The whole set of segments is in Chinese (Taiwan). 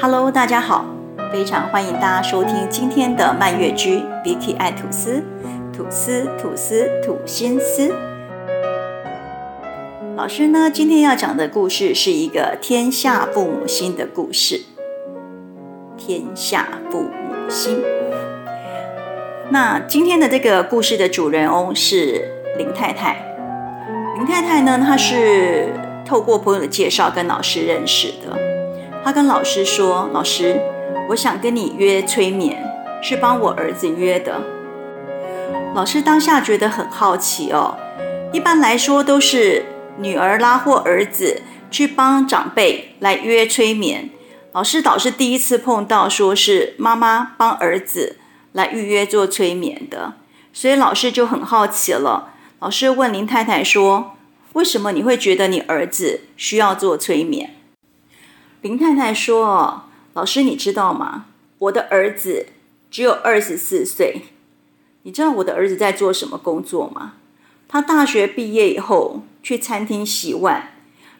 Hello，大家好，非常歡迎大家收聽今天的《曼月居》B.K. 愛吐司，吐司吐司吐心思。老師呢，今天要講的故事是一個天下父母心的故事，《天下父母心》。那今天的這個故事的主人翁是林太太。林太太呢，她是。透過朋友的介紹跟老師認識的，他跟老師說：“老師，我想跟你約催眠，是幫我兒子約的。”老師當下覺得很好奇哦，一般來說都是女兒啦或兒子去幫長輩來約催眠，老師倒是第一次碰到說是媽媽幫兒子來預約做催眠的，所以老師就很好奇了。老師問林太太說。為什麼你會覺得你兒子需要做催眠？林太太說：“哦，老師，你知道嗎？我的兒子只有二十四歲。你知道我的兒子在做什麼工作嗎？他大學畢業以後去餐廳洗碗，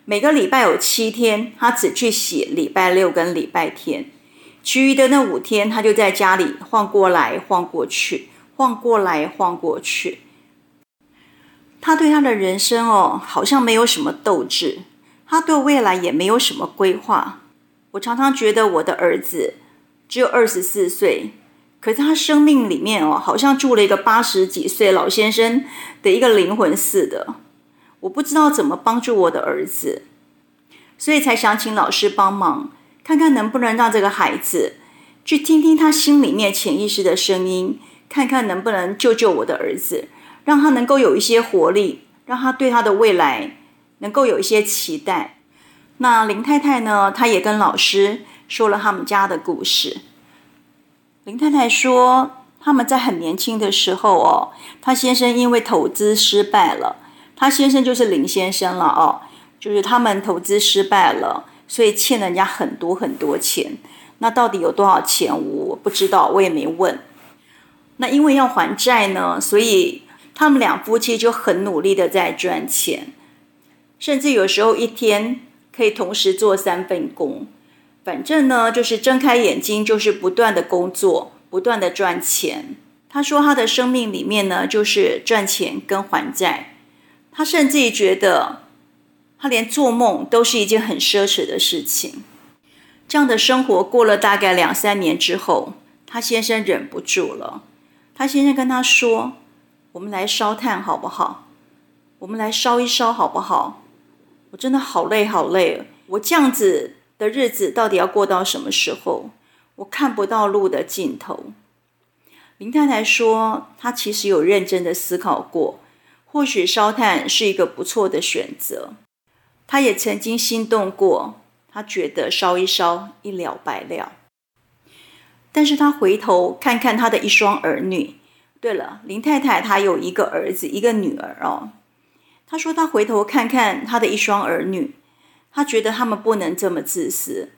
每個禮拜有七天，他只去洗禮拜六跟禮拜天，其餘的那五天他就在家裡晃過來晃過去，晃過來晃過去。”他對他的人生哦，好像沒有什麼鬥志；他對未來也沒有什麼規劃。我常常覺得我的兒子只有二十四歲，可是他生命裡面哦，好像住了一個八十幾歲老先生的一個靈魂似的。我不知道怎麼幫助我的兒子，所以才想請老師幫忙，看看能不能讓這個孩子去聽聽他心裡面潛意識的聲音，看看能不能救救我的兒子。讓他能夠有一些活力，讓他對他的未來能夠有一些期待。那林太太呢？她也跟老師說了他們家的故事。林太太說，他們在很年輕的時候哦，她先生因為投資失敗了，她先生就是林先生了哦，就是他們投資失敗了，所以欠人家很多很多錢。那到底有多少錢，我不知道，我也沒問。那因為要還債呢，所以，他們兩夫妻就很努力的在賺錢，甚至有時候一天可以同時做三份工。反正呢，就是睜開眼睛就是不斷的工作，不斷的賺錢。他說他的生命裡面呢，就是賺錢跟還債。他甚至於覺得，他連做夢都是一件很奢侈的事情。這樣的生活過了大概兩三年之後，他先生忍不住了。他先生跟他說，我們來燒炭好不好？我們來燒一燒好不好？我真的好累好累，我這樣子的日子到底要過到什麼時候？我看不到路的盡頭。林太太說，她其實有認真的思考過，或許燒炭是一個不錯的選擇。她也曾經心動過，她覺得燒一燒，一了百了。但是她回頭看看她的一雙兒女。對了，林太太她有一個兒子，一個女兒哦。她說她回頭看看她的一雙兒女，她覺得他們不能這麼自私，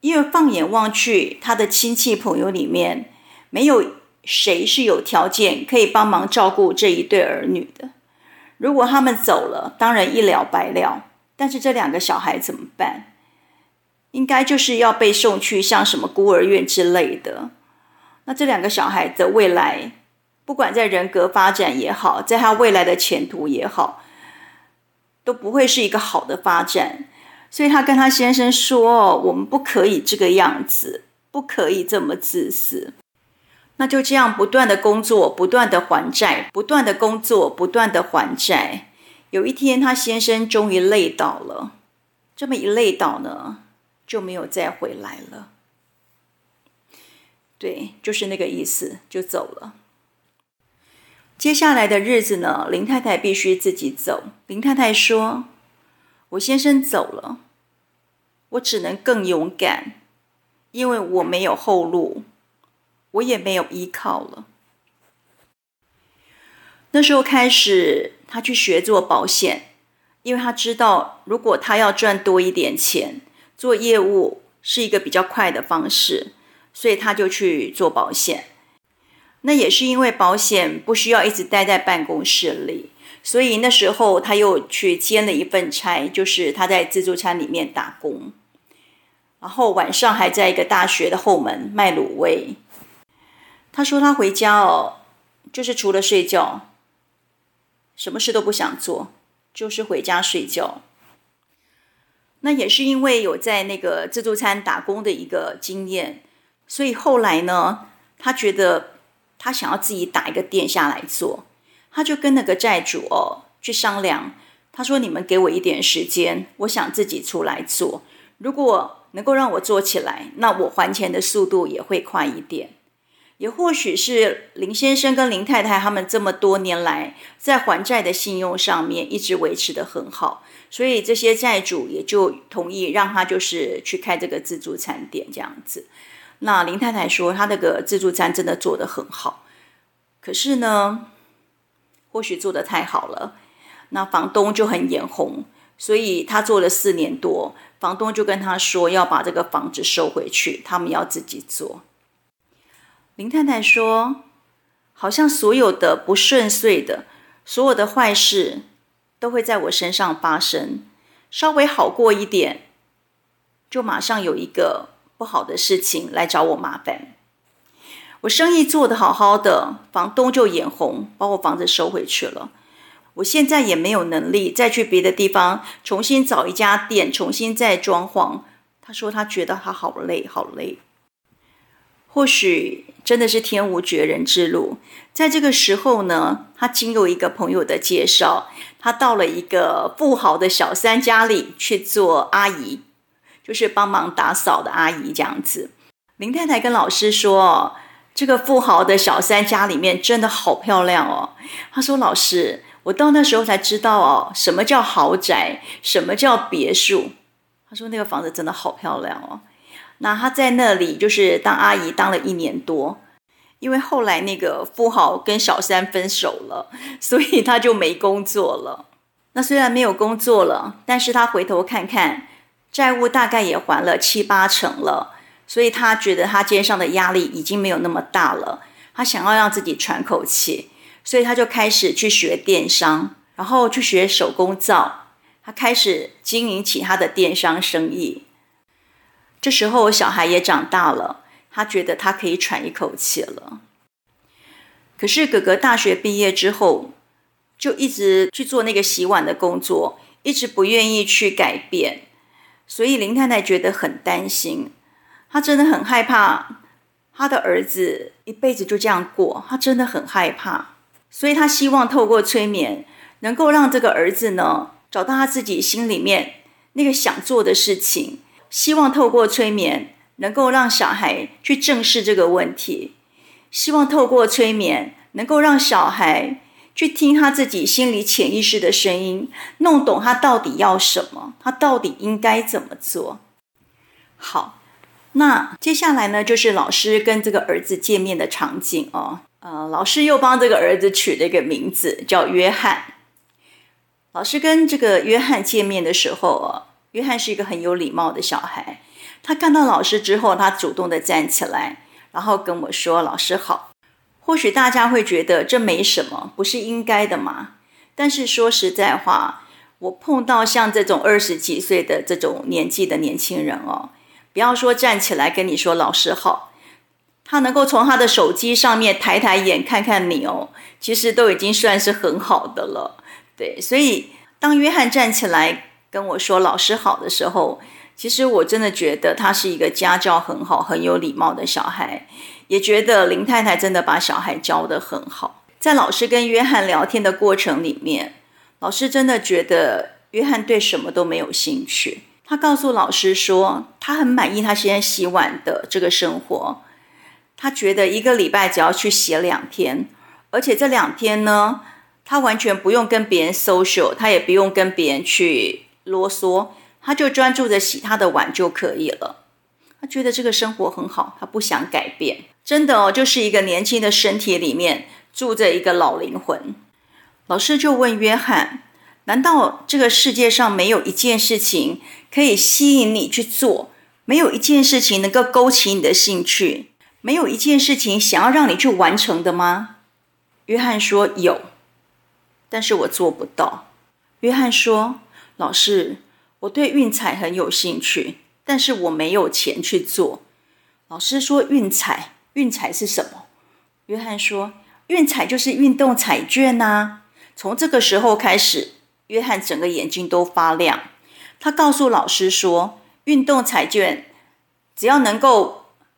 因為放眼望去，她的親戚朋友裡面沒有誰是有條件可以幫忙照顧這一對兒女的。如果他們走了，當然一了百了，但是這兩個小孩怎麼辦？應該就是要被送去像什麼孤兒院之類的。那這兩個小孩的未來，不管在人格發展也好，在他未來的前途也好，都不會是一個好的發展。所以，他跟他先生說：“我們不可以這個樣子，不可以這麼自私。”那就這樣不斷的工作，不斷的還債，不斷的工作，不斷的還債。有一天，他先生終於累倒了。這麼一累倒呢，就沒有再回來了。對，就是那個意思，就走了。接下來的日子呢，林太太必須自己走。林太太說：“我先生走了，我只能更勇敢，因為我沒有後路，我也沒有依靠了。”那時候開始，她去學做保險，因為她知道，如果她要賺多一點錢，做業務是一個比較快的方式，所以她就去做保險。那也是因為保險不需要一直待在辦公室裡，所以那時候他又去兼了一份差，就是他在自助餐裡面打工，然後晚上還在一個大學的後門賣滷味。他說他回家哦，就是除了睡覺，什麼事都不想做，就是回家睡覺。那也是因為有在那個自助餐打工的一個經驗，所以後來呢，他覺得。他想要自己打一個店下來做，他就跟那個債主哦去商量。他說：“你們給我一點時間，我想自己出來做。如果能夠讓我做起來，那我還錢的速度也會快一點。也或許是林先生跟林太太他們這麼多年來在還債的信用上面一直維持得很好，所以這些債主也就同意讓他就是去開這個自助餐店這樣子。”那林太太說，她那個自助餐真的做得很好，可是呢，或許做得太好了，那房東就很眼紅，所以她做了四年多，房東就跟她說要把這個房子收回去，他們要自己做。林太太說，好像所有的不順遂的，所有的壞事都會在我身上發生，稍微好過一點，就馬上有一個。不好的事情來找我麻煩，我生意做得好好的，房東就眼紅，把我房子收回去了。我現在也沒有能力再去別的地方重新找一家店，重新再裝潢。他說他覺得他好累，好累。或許真的是天無絕人之路，在這個時候呢，他經過一個朋友的介紹，他到了一個富豪的小三家裡去做阿姨。就是幫忙打掃的阿姨這樣子，林太太跟老師說：“哦，這個富豪的小三家裡面真的好漂亮哦。”她說：“老師，我到那時候才知道哦，什麼叫豪宅，什麼叫別墅。”她說：“那個房子真的好漂亮哦。”那她在那裡就是當阿姨當了一年多，因為後來那個富豪跟小三分手了，所以她就沒工作了。那雖然沒有工作了，但是她回頭看看。債務大概也還了七八成了，所以他覺得他肩上的壓力已經沒有那麼大了。他想要讓自己喘口氣，所以他就開始去學電商，然後去學手工皂。他開始經營起他的電商生意。這時候，小孩也長大了，他覺得他可以喘一口氣了。可是，哥哥大學畢業之後，就一直去做那個洗碗的工作，一直不願意去改變。所以林太太覺得很擔心，她真的很害怕，她的兒子一輩子就這樣過，她真的很害怕。所以她希望透過催眠，能夠讓這個兒子呢找到他自己心裡面那個想做的事情。希望透過催眠，能夠讓小孩去正視這個問題。希望透過催眠，能夠讓小孩，去聽他自己心裡潛意識的聲音，弄懂他到底要什麼，他到底應該怎麼做。好，那接下來呢，就是老師跟這個兒子見面的場景哦。呃，老師又幫這個兒子取了一個名字，叫約翰。老師跟這個約翰見面的時候哦，約翰是一個很有禮貌的小孩，他看到老師之後，他主動地站起來，然後跟我說：“老師好。”或許大家會覺得這沒什麼，不是應該的嗎？但是說實在話，我碰到像這種二十幾歲的這種年紀的年輕人哦，不要說站起來跟你說老師好，他能夠從他的手機上面抬抬眼看看你哦，其實都已經算是很好的了。對，所以當約翰站起來跟我說老師好的時候，其實我真的覺得他是一個家教很好、很有禮貌的小孩。也覺得林太太真的把小孩教得很好。在老師跟約翰聊天的過程裡面，老師真的覺得約翰對什麼都沒有興趣。他告訴老師說，他很滿意他現在洗碗的這個生活。他覺得一個禮拜只要去洗兩天，而且這兩天呢，他完全不用跟別人 social，他也不用跟別人去囉嗦，他就專注着洗他的碗就可以了。他覺得這個生活很好，他不想改變。真的哦，就是一個年輕的身體裡面住着一個老靈魂。老師就問約翰：“難道這個世界上沒有一件事情可以吸引你去做？沒有一件事情能夠勾起你的興趣？沒有一件事情想要讓你去完成的嗎？”約翰說：“有，但是我做不到。”約翰說：“老師，我對運彩很有興趣，但是我沒有錢去做。”老師說：“運彩……”運彩是什麼？約翰說：“運彩就是運動彩券吶。”從這個時候開始，約翰整個眼睛都發亮。他告訴老師說：“運動彩券只要能夠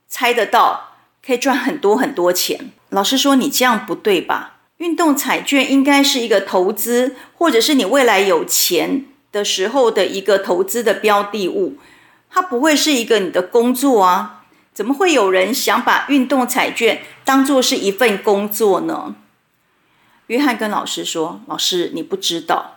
猜得到，可以賺很多很多錢。”老師說：“你這樣不對吧？運動彩券應該是一個投資，或者是你未來有錢的時候的一個投資的標的物，它不會是一個你的工作啊。”怎麼會有人想把運動彩券當做是一份工作呢？約翰跟老師說：“老師，你不知道，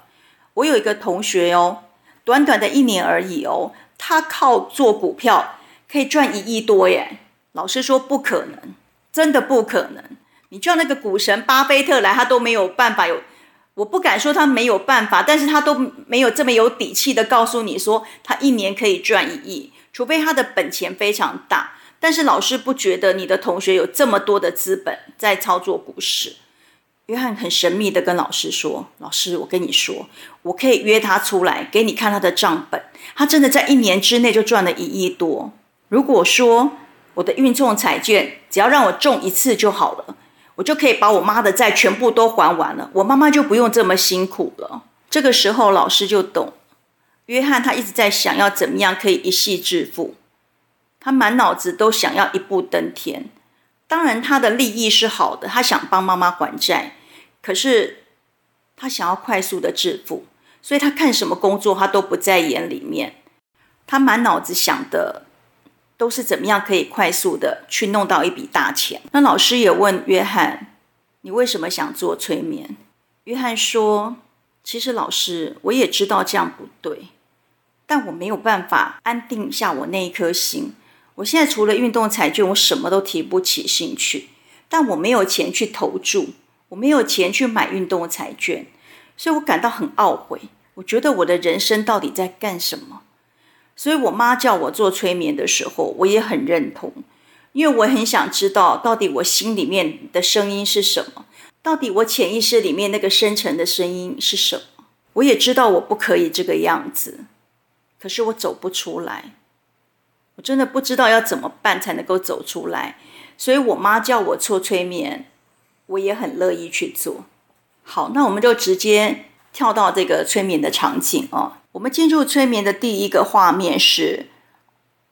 我有一個同學哦，短短的一年而已哦，他靠做股票可以賺一億多耶。”老師說：“不可能，真的不可能。你叫那個股神巴菲特來，他都沒有辦法有。我不敢說他沒有辦法，但是他都沒有這麼有底氣的告訴你說他一年可以賺一億，除非他的本錢非常大。”但是老師不覺得你的同學有這麼多的資本在操作股市。約翰很神秘的跟老師說：“老師，我跟你說，我可以約他出來給你看他的賬本。他真的在一年之內就賺了一億多。如果說我的運動彩券只要讓我中一次就好了，我就可以把我媽的債全部都還完了，我媽媽就不用這麼辛苦了。”這個時候，老師就懂，約翰他一直在想要怎麼樣可以一夕致富。他滿腦子都想要一步登天，當然他的立意是好的，他想幫媽媽還債，可是他想要快速的致富，所以他看什麼工作他都不在眼裡面，他滿腦子想的都是怎麼樣可以快速的去弄到一筆大錢。那老師也問約翰：“你為什麼想做催眠？”約翰說：“其實老師，我也知道這樣不對，但我沒有辦法安定一下我那一顆心。”我現在除了運動彩券，我什麼都提不起興趣。但我沒有錢去投注，我沒有錢去買運動彩券，所以我感到很懊悔。我覺得我的人生到底在幹什麼？所以我媽叫我做催眠的時候，我也很認同，因為我很想知道到底我心裡面的聲音是什麼，到底我潛意識裡面那個深沉的聲音是什麼。我也知道我不可以這個樣子，可是我走不出來。真的不知道要怎麼辦才能夠走出來，所以我媽叫我做催眠，我也很樂意去做。好，那我們就直接跳到這個催眠的場景哦。我們進入催眠的第一個畫面是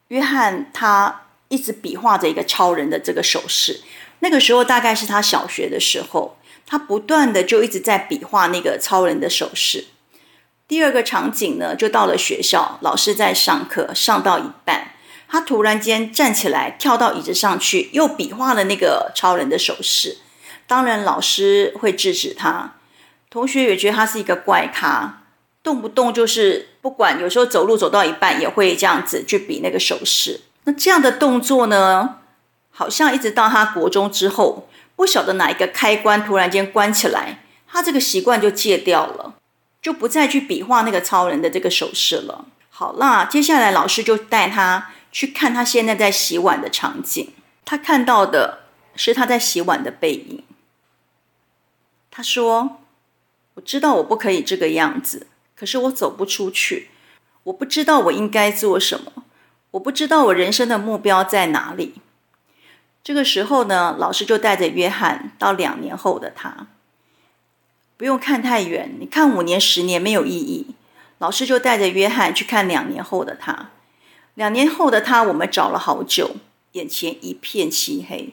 約翰，他一直比劃着一個超人的這個手勢。那個時候大概是他小學的時候，他不斷的就一直在比劃那個超人的手勢。第二個場景呢，就到了學校，老師在上課，上到一半。他突然間站起來，跳到椅子上去，又比劃了那個超人的手勢。當然，老師會制止他，同學也覺得他是一個怪咖，動不動就是不管，有時候走路走到一半也會這樣子去比那個手勢。那這樣的動作呢，好像一直到他國中之後，不曉得哪一個開關突然間關起來，他這個習慣就戒掉了，就不再去比劃那個超人的這個手勢了。好啦，接下來老師就帶他。去看他現在在洗碗的場景，他看到的是他在洗碗的背影。他說：“我知道我不可以這個樣子，可是我走不出去。我不知道我應該做什麼，我不知道我人生的目標在哪裡。”這個時候呢，老師就帶着約翰到兩年後的他。不用看太遠，你看五年、十年沒有意義。老師就帶着約翰去看兩年後的他。兩年後的他，我們找了好久，眼前一片漆黑。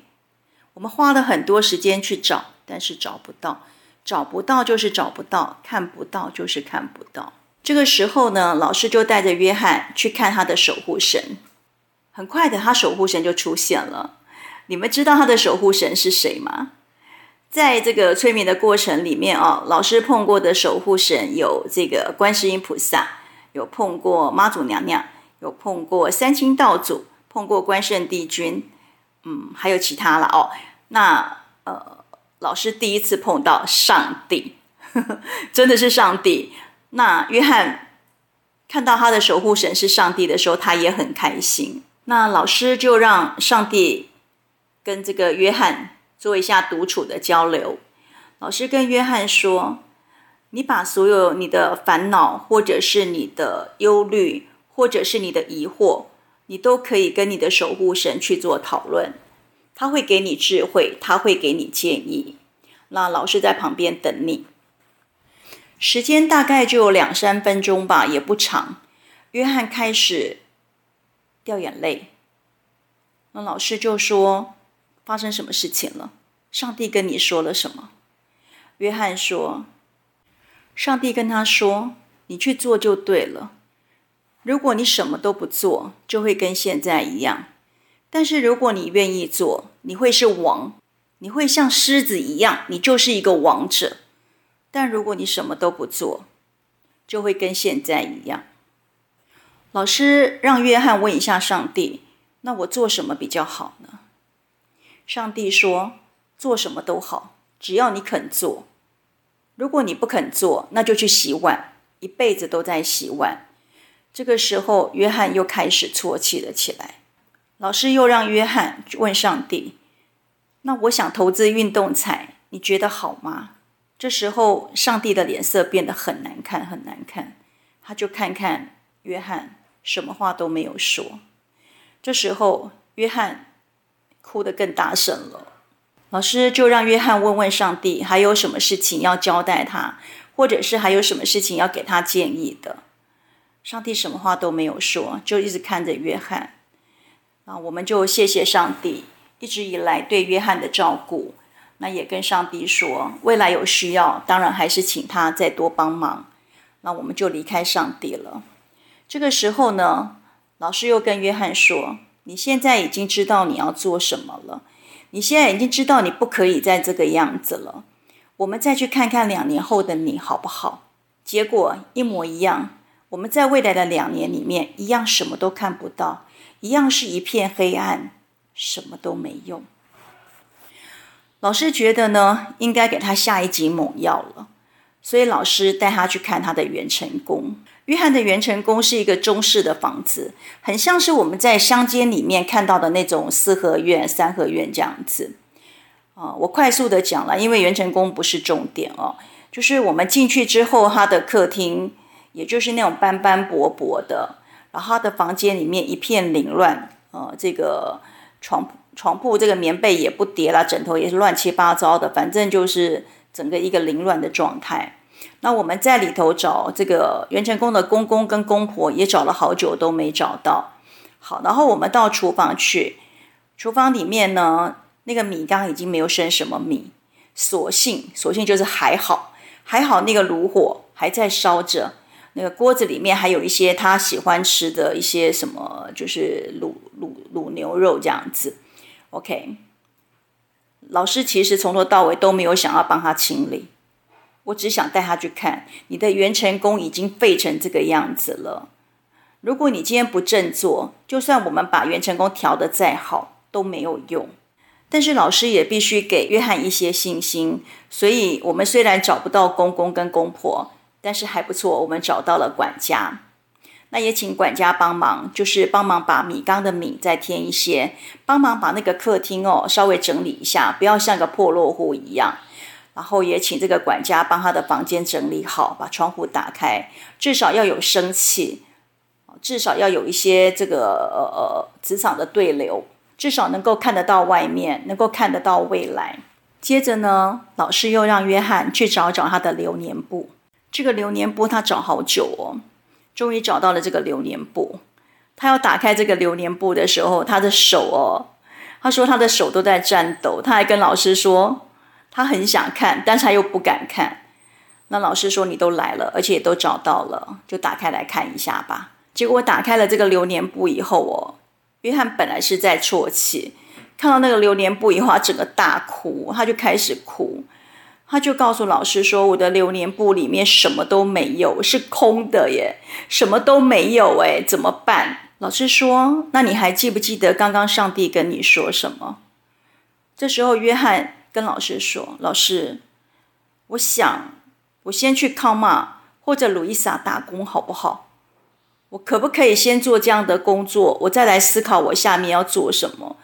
我們花了很多時間去找，但是找不到，找不到就是找不到，看不到就是看不到。這個時候呢，老師就帶着約翰去看他的守護神。很快的，他守護神就出現了。你們知道他的守護神是誰嗎？在這個催眠的過程裡面啊，老師碰過的守護神有這個觀世音菩薩，有碰過媽祖娘娘。有碰過三清道祖，碰過關聖帝君，嗯，還有其他了哦。那呃，老師第一次碰到上帝，呵呵，真的是上帝。那約翰看到他的守護神是上帝的時候，他也很開心。那老師就讓上帝跟這個約翰做一下獨處的交流。老師跟約翰說：“你把所有你的煩惱或者是你的憂慮。”或者是你的疑惑，你都可以跟你的守護神去做討論，他會給你智慧，他會給你建議。那老師在旁邊等你，時間大概就兩三分鐘吧，也不長。約翰開始掉眼淚，那老師就說：“發生什麼事情了？上帝跟你說了什麼？”約翰說：“上帝跟他說，你去做就對了。”如果你什麼都不做，就會跟現在一樣。但是如果你願意做，你會是王，你會像獅子一樣，你就是一個王者。但如果你什麼都不做，就會跟現在一樣。老師讓約翰問一下上帝，那我做什麼比較好呢？上帝說，做什麼都好，只要你肯做。如果你不肯做，那就去洗碗，一輩子都在洗碗。這個時候，約翰又開始啜泣了起來。老師又讓約翰問上帝：“那我想投資運動彩，你覺得好嗎？”這時候，上帝的臉色變得很難看，很難看。他就看看約翰，什麼話都沒有說。這時候，約翰哭得更大聲了。老師就讓約翰問問上帝，還有什麼事情要交代他，或者是還有什麼事情要給他建議的。上帝什麼話都沒有說，就一直看着約翰。那我們就謝謝上帝一直以來對約翰的照顧。那也跟上帝說，未來有需要，當然還是請他再多幫忙。那我們就離開上帝了。這個時候呢，老師又跟約翰說：“你現在已經知道你要做什麼了，你現在已經知道你不可以再這個樣子了。”我們再去看看兩年後的你好不好？結果一模一樣。我們在未來的兩年裡面，一樣什麼都看不到，一樣是一片黑暗，什麼都沒用。老師覺得呢，應該給他下一劑猛藥了，所以老師帶他去看他的元辰宮。約翰的元辰宮是一個中式的房子，很像是我們在鄉間裡面看到的那種四合院、三合院這樣子。啊、哦，我快速的講了，因為元辰宮不是重點哦，就是我們進去之後，他的客廳。也就是那種斑斑駁駁的，然後他的房間裡面一片凌亂，呃，這個床床鋪這個棉被也不疊了，枕頭也是亂七八糟的，反正就是整個一個凌亂的狀態。那我們在裡頭找這個袁成功的公公跟公婆，也找了好久都沒找到。好，然後我們到廚房去，廚房裡面呢，那個米缸已經沒有剩什麼米，所幸所幸就是還好，還好那個爐火還在燒着。那個鍋子裡面還有一些他喜歡吃的一些什麼，就是滷滷滷牛肉這樣子。OK，老師其實從頭到尾都沒有想要幫他清理，我只想帶他去看，你的元辰宮已經廢成這個樣子了。如果你今天不振作，就算我們把元辰宮調得再好，都沒有用。但是老師也必須給約翰一些信心，所以我們雖然找不到公公跟公婆。但是還不錯，我們找到了管家，那也請管家幫忙，就是幫忙把米缸的米再添一些，幫忙把那個客廳哦稍微整理一下，不要像個破落戶一樣。然後也請這個管家幫他的房間整理好，把窗戶打開，至少要有生氣，至少要有一些這個呃呃磁場的對流，至少能夠看得到外面，能夠看得到未來。接着呢，老師又讓約翰去找找他的流年簿。這個流年簿，他找好久哦，終於找到了這個流年簿，他要打開這個流年簿的時候，他的手哦，他說他的手都在顫抖。他還跟老師說，他很想看，但是他又不敢看。那老師說：“你都來了，而且也都找到了，就打開來看一下吧。”結果打開了這個流年簿以後哦，約翰本來是在啜泣，看到那個流年簿以後，他整個大哭，他就開始哭。他就告訴老師說：“我的流年簿裡面什麼都沒有，是空的耶，什麼都沒有哎，怎麼辦？”老師說：“那你還記不記得剛剛上帝跟你說什麼？”這時候，約翰跟老師說：“老師，我想我先去康馬或者路易莎打工好不好？我可不可以先做這樣的工作，我再來思考我下面要做什麼？”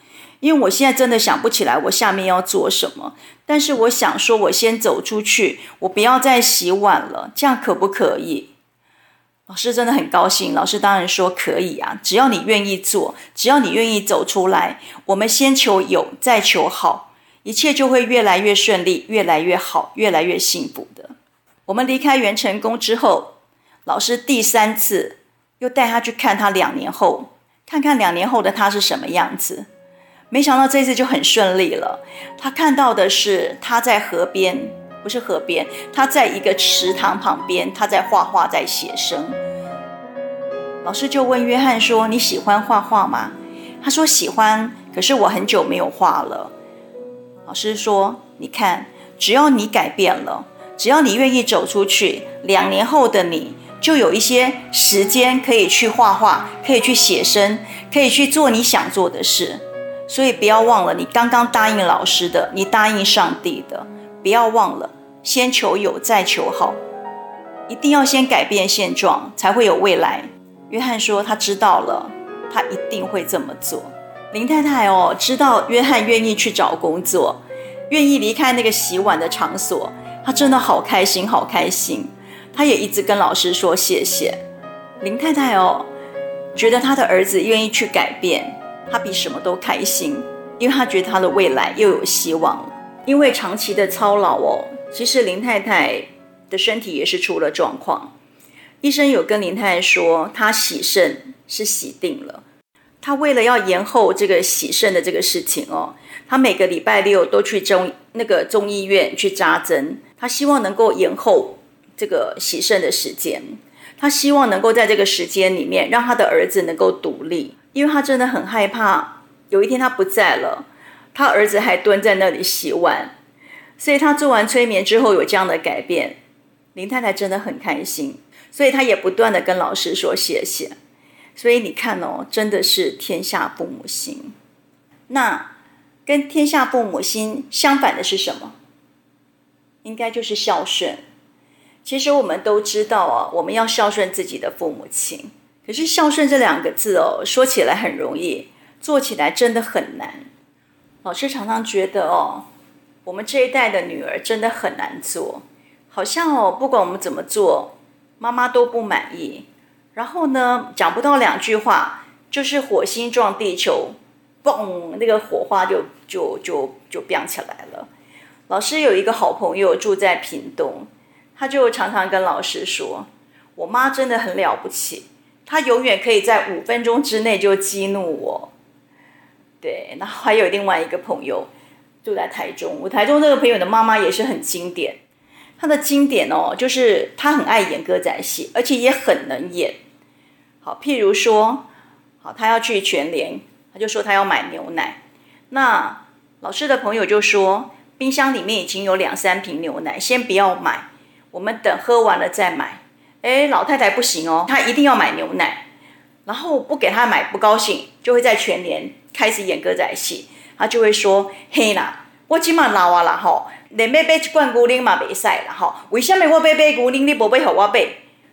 因為我現在真的想不起來我下面要做什麼，但是我想說，我先走出去，我不要再洗碗了，這樣可不可以？老師真的很高興，老師當然說可以啊，只要你願意做，只要你願意走出來，我們先求有，再求好，一切就會越來越順利，越來越好，越來越幸福的。我們離開元辰宮之後，老師第三次又帶他去看他兩年後，看看兩年後的他是什麼樣子。沒想到這次就很順利了。他看到的是他在河邊，不是河邊，他在一個池塘旁邊。他在畫畫，在寫生。老師就問約翰說：“你喜歡畫畫嗎？”他說：“喜歡。”可是我很久沒有畫了。老師說：“你看，只要你改變了，只要你願意走出去，兩年後的你就有一些時間可以去畫畫，可以去寫生，可以去做你想做的事。”所以不要忘了，你剛剛答應老師的，你答應上帝的，不要忘了，先求有，再求好，一定要先改變現狀，才會有未來。約翰說他知道了，他一定會這麼做。林太太哦，知道約翰願意去找工作，願意離開那個洗碗的場所，他真的好開心，好開心。他也一直跟老師說謝謝。林太太哦，覺得她的兒子願意去改變。他比什麼都開心，因為他覺得他的未來又有希望了。因為長期的操勞哦，其實林太太的身體也是出了狀況。醫生有跟林太太說，他洗腎是洗定了。他為了要延後這個洗腎的這個事情哦，他每個禮拜六都去中那個中醫院去紮針，他希望能夠延後這個洗腎的時間。他希望能夠在這個時間裡面讓他的兒子能夠獨立。因為他真的很害怕，有一天他不在了，他兒子還蹲在那裡洗碗，所以他做完催眠之後有這樣的改變。林太太真的很開心，所以他也不斷的跟老師說謝謝。所以你看哦，真的是天下父母心。那跟天下父母心相反的是什麼？應該就是孝順。其實我們都知道啊，我們要孝順自己的父母親。可是孝順這兩個字哦，說起來很容易，做起來真的很難。老師常常覺得哦，我們這一代的女兒真的很難做，好像哦，不管我們怎麼做，媽媽都不滿意。然後呢，講不到兩句話，就是火星撞地球，嘣，那個火花就就就就變起來了。老師有一個好朋友住在屏東，他就常常跟老師說：“我媽真的很了不起。”他永遠可以在五分鐘之內就激怒我，對。然後還有另外一個朋友住在台中，我台中那個朋友的媽媽也是很經典，她的經典哦，就是她很愛演歌仔戲，而且也很能演。好，譬如說，好，他要去全聯，他就說他要買牛奶。那老師的朋友就說，冰箱裡面已經有兩三瓶牛奶，先不要買，我們等喝完了再買。哎，老太太不行哦，她一定要買牛奶，然後不給她買不高興，就會在全聯開始演歌仔戲。她就會說：“嘿啦，我起碼老啊啦吼，連、哦、買杯罐孤零嘛袂使啦吼，為什麼我買杯孤零你不買給我買？”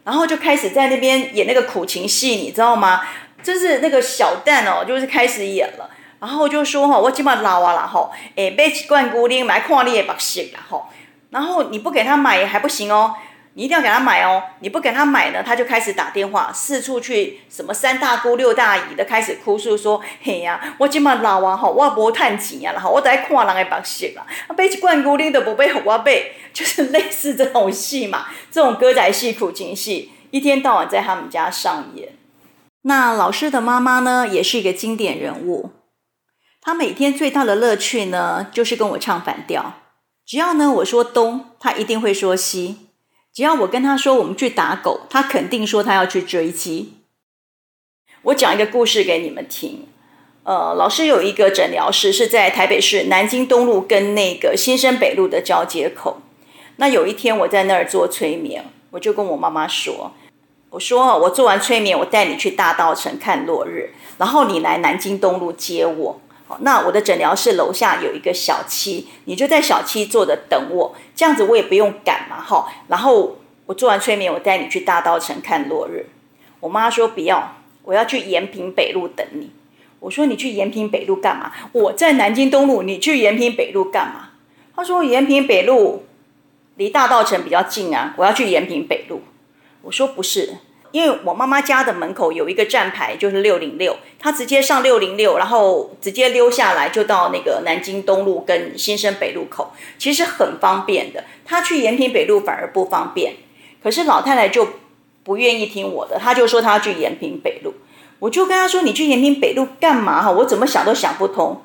然後就開始在那邊演那個苦情戲，你知道嗎？就是那個小旦哦，就是開始演了。然後就說：“吼，我起碼老啊啦吼，哎，杯罐孤零買看你的把戲啦吼，然後你不給她買還不行哦。”你一定要給他買哦！你不給他買呢，他就開始打電話，四處去什麼三大姑六大姨的開始哭訴，說：“哎呀、啊，我這麼老啊我我無賺錢啊哈，我在看人家的把戲啊，背一罐孤零都不背，我背就是類似這種戲嘛，這種歌仔戲、苦情戲，一天到晚在他們家上演。那老師的媽媽呢，也是一個經典人物。她每天最大的樂趣呢，就是跟我唱反調。只要呢我說東，她一定會說西。只要我跟他說我們去打狗，他肯定說他要去追擊。我講一個故事給你們聽。呃，老師有一個診療室是在台北市南京東路跟那個新生北路的交接口。那有一天我在那兒做催眠，我就跟我媽媽說：“我說我做完催眠，我帶你去大稻埕看落日，然後你來南京東路接我。”那我的診療室樓下有一個小七，你就在小七坐着等我，這樣子我也不用趕嘛，哈。然後我做完催眠，我帶你去大稻埕看落日。我媽說不要，我要去延平北路等你。我說你去延平北路幹嘛？我在南京東路，你去延平北路幹嘛？她說延平北路離大稻埕比較近啊，我要去延平北路。我說不是。因為我媽媽家的門口有一個站牌，就是六零六，她直接上六零六，然後直接溜下來就到那個南京東路跟新生北路口，其實很方便的。她去延平北路反而不方便，可是老太太就不願意聽我的，她就說她要去延平北路。我就跟她說：“你去延平北路幹嘛？”我怎麼想都想不通。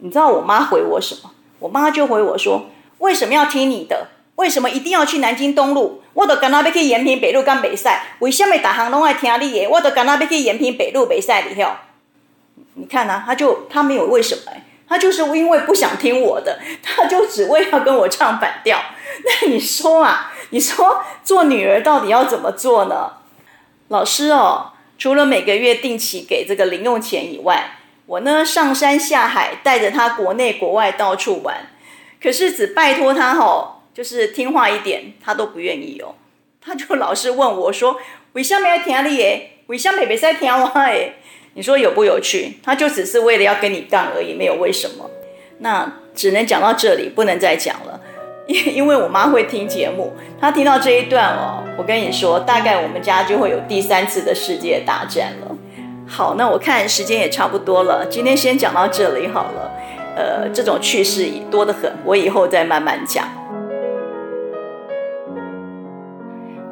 你知道我媽回我什麼？我媽就回我說：“為什麼要聽你的？為什麼一定要去南京東路？”我都干吶要去延平北路干袂使，為什麼大家都愛聽你的？我都干吶要去延平北路袂使的吼。你看吶、啊，他就他沒有為什麼、欸，他就是因為不想聽我的，他就只為要跟我唱反調。那你說啊，你說做女兒到底要怎麼做呢？老師哦，除了每個月定期給這個零用錢以外，我呢上山下海，帶着他國內國外到處玩，可是只拜托他吼、哦。就是聽話一點，他都不願意哦，他就老是問我說：“為什麼要聽你誒？為什麼不是聽我誒？”你說有不有趣？他就只是為了要跟你槓而已，沒有為什麼。那只能講到這裡，不能再講了，因因為我媽會聽節目，她聽到這一段哦，我跟你說，大概我們家就會有第三次的世界大戰了。好，那我看時間也差不多了，今天先講到這裡好了。呃，這種趣事也多得很，我以後再慢慢講。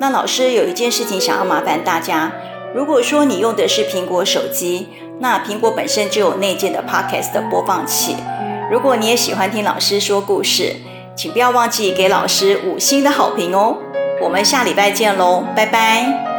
那老師有一件事情想要麻煩大家，如果說你用的是蘋果手機，那蘋果本身就有內建的 Podcast 的播放器。如果你也喜歡聽老師說故事，請不要忘記給老師五星的好評哦。我們下禮拜見嘍，拜拜。